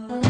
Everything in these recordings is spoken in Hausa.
Oh.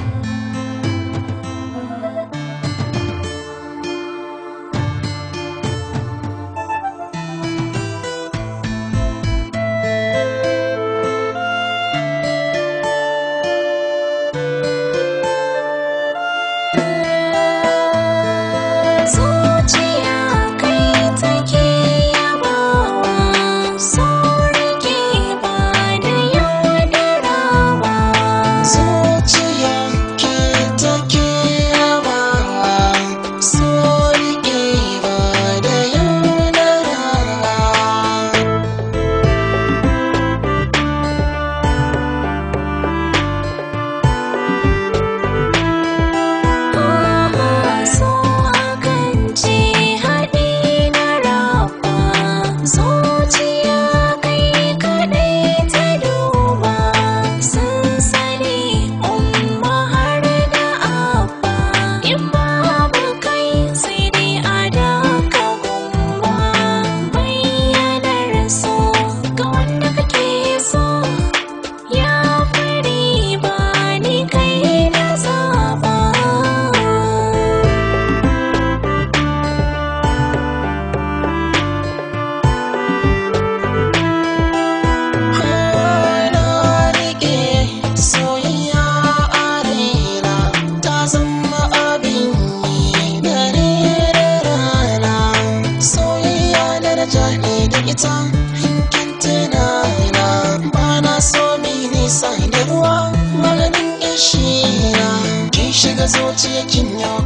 ne da ita hinkin tuna ina ba na so mi nisa da ruwa maganin shi na kin shiga zuciya kin yau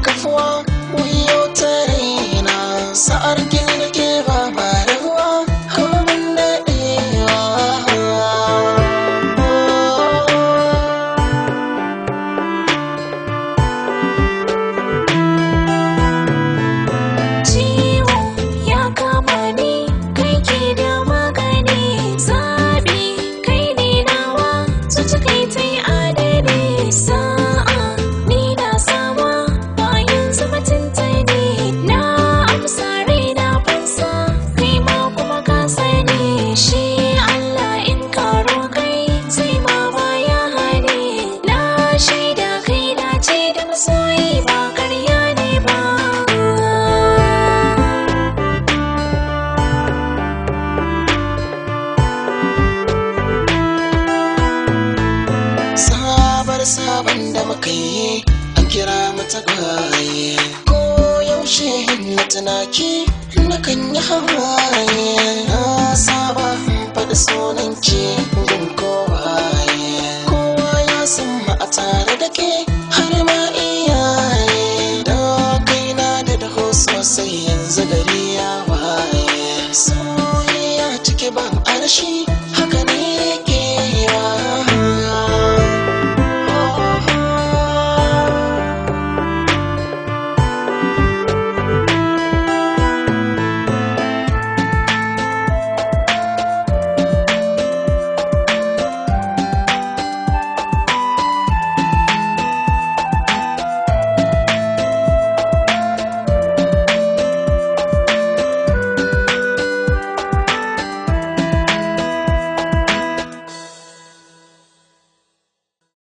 hawaye ko yaushe himma tunaki na kan yi hawaye na saba faɗi sunan ki gun kowaye kowa ya san ma a tare da ke har ma iyaye da kai na da daho sosai yanzu gari ya waye soyayya cike ban arshi